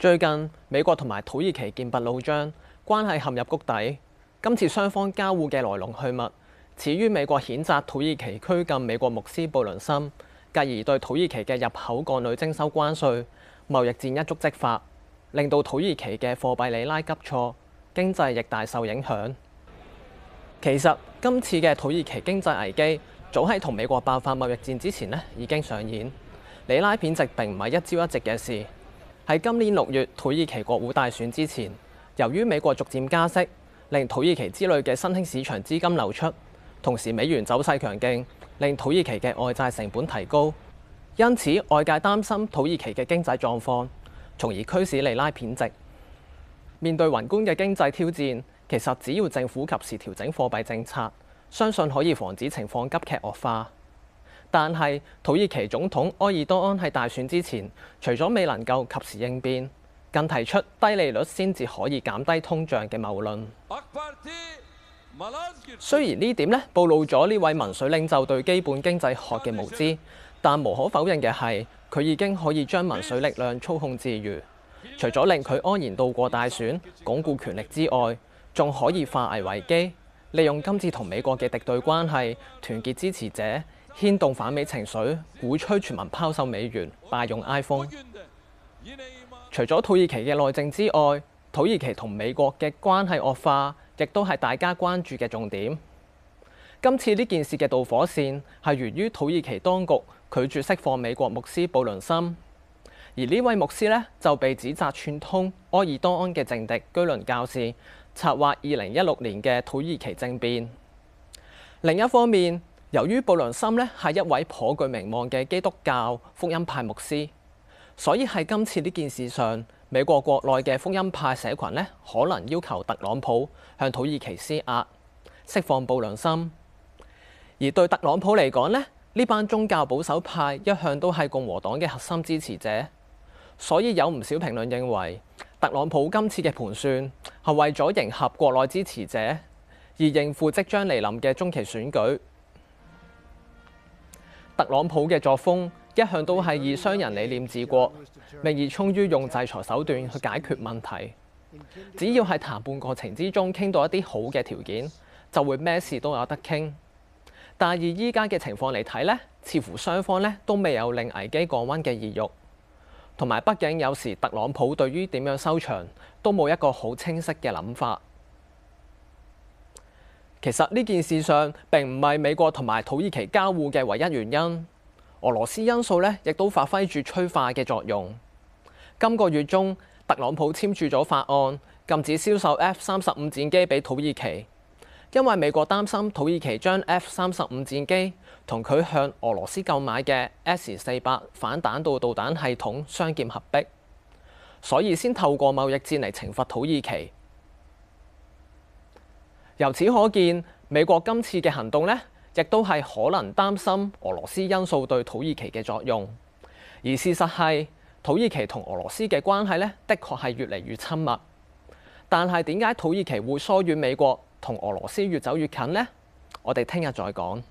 最近美國同埋土耳其劍拔弩張，關係陷入谷底。今次雙方交護嘅來龍去脈，始於美國譴責土耳其拘禁美國牧師布倫森，繼而對土耳其嘅入口鋼鋁徵收關稅，貿易戰一觸即發，令到土耳其嘅貨幣里拉急挫，經濟亦大受影響。其實今次嘅土耳其經濟危機，早喺同美國爆發貿易戰之前呢已經上演，里拉貶值並唔係一朝一夕嘅事。喺今年六月土耳其國會大選之前，由於美國逐漸加息，令土耳其之類嘅新興市場資金流出；同時美元走勢強勁，令土耳其嘅外債成本提高。因此外界擔心土耳其嘅經濟狀況，從而驅使利拉貶值。面對宏觀嘅經濟挑戰，其實只要政府及時調整貨幣政策，相信可以防止情況急劇惡化。但係，土耳其總統埃爾多安喺大選之前，除咗未能夠及時應變，更提出低利率先至可以減低通脹嘅謬論。雖然呢點呢，暴露咗呢位民粹領袖對基本經濟學嘅無知，但無可否認嘅係，佢已經可以將民粹力量操控自如，除咗令佢安然度過大選、鞏固權力之外，仲可以化危為機，利用今次同美國嘅敵對關係，團結支持者。牽動反美情緒，鼓吹全民拋售美元、罷用 iPhone。除咗土耳其嘅內政之外，土耳其同美國嘅關係惡化，亦都係大家關注嘅重點。今次呢件事嘅導火線係源於土耳其當局拒絕釋放美國牧師布倫森，而呢位牧師呢就被指責串通埃爾多安嘅政敵居倫教士，策劃二零一六年嘅土耳其政變。另一方面，由於布良森呢係一位頗具名望嘅基督教福音派牧師，所以喺今次呢件事上，美國國內嘅福音派社群呢可能要求特朗普向土耳其施壓釋放布良森。而對特朗普嚟講呢，呢班宗教保守派一向都係共和黨嘅核心支持者，所以有唔少評論認為，特朗普今次嘅盤算係為咗迎合國內支持者，而應付即將嚟臨嘅中期選舉。特朗普嘅作風一向都係以商人理念治國，名而衷於用制裁手段去解決問題。只要係談判過程之中傾到一啲好嘅條件，就會咩事都有得傾。但係以依家嘅情況嚟睇咧，似乎雙方咧都未有令危機降温嘅意欲，同埋畢竟有時特朗普對於點樣收場都冇一個好清晰嘅諗法。其實呢件事上並唔係美國同埋土耳其交互嘅唯一原因，俄羅斯因素呢亦都發揮住催化嘅作用。今個月中，特朗普簽署咗法案禁止銷售 F 三十五戰機俾土耳其，因為美國擔心土耳其將 F 三十五戰機同佢向俄羅斯購買嘅 S 四百反彈道導彈系統雙劍合璧，所以先透過貿易戰嚟懲罰土耳其。由此可見，美國今次嘅行動呢，亦都係可能擔心俄羅斯因素對土耳其嘅作用。而事實係，土耳其同俄羅斯嘅關係呢，的確係越嚟越親密。但係點解土耳其會疏遠美國，同俄羅斯越走越近呢？我哋聽日再講。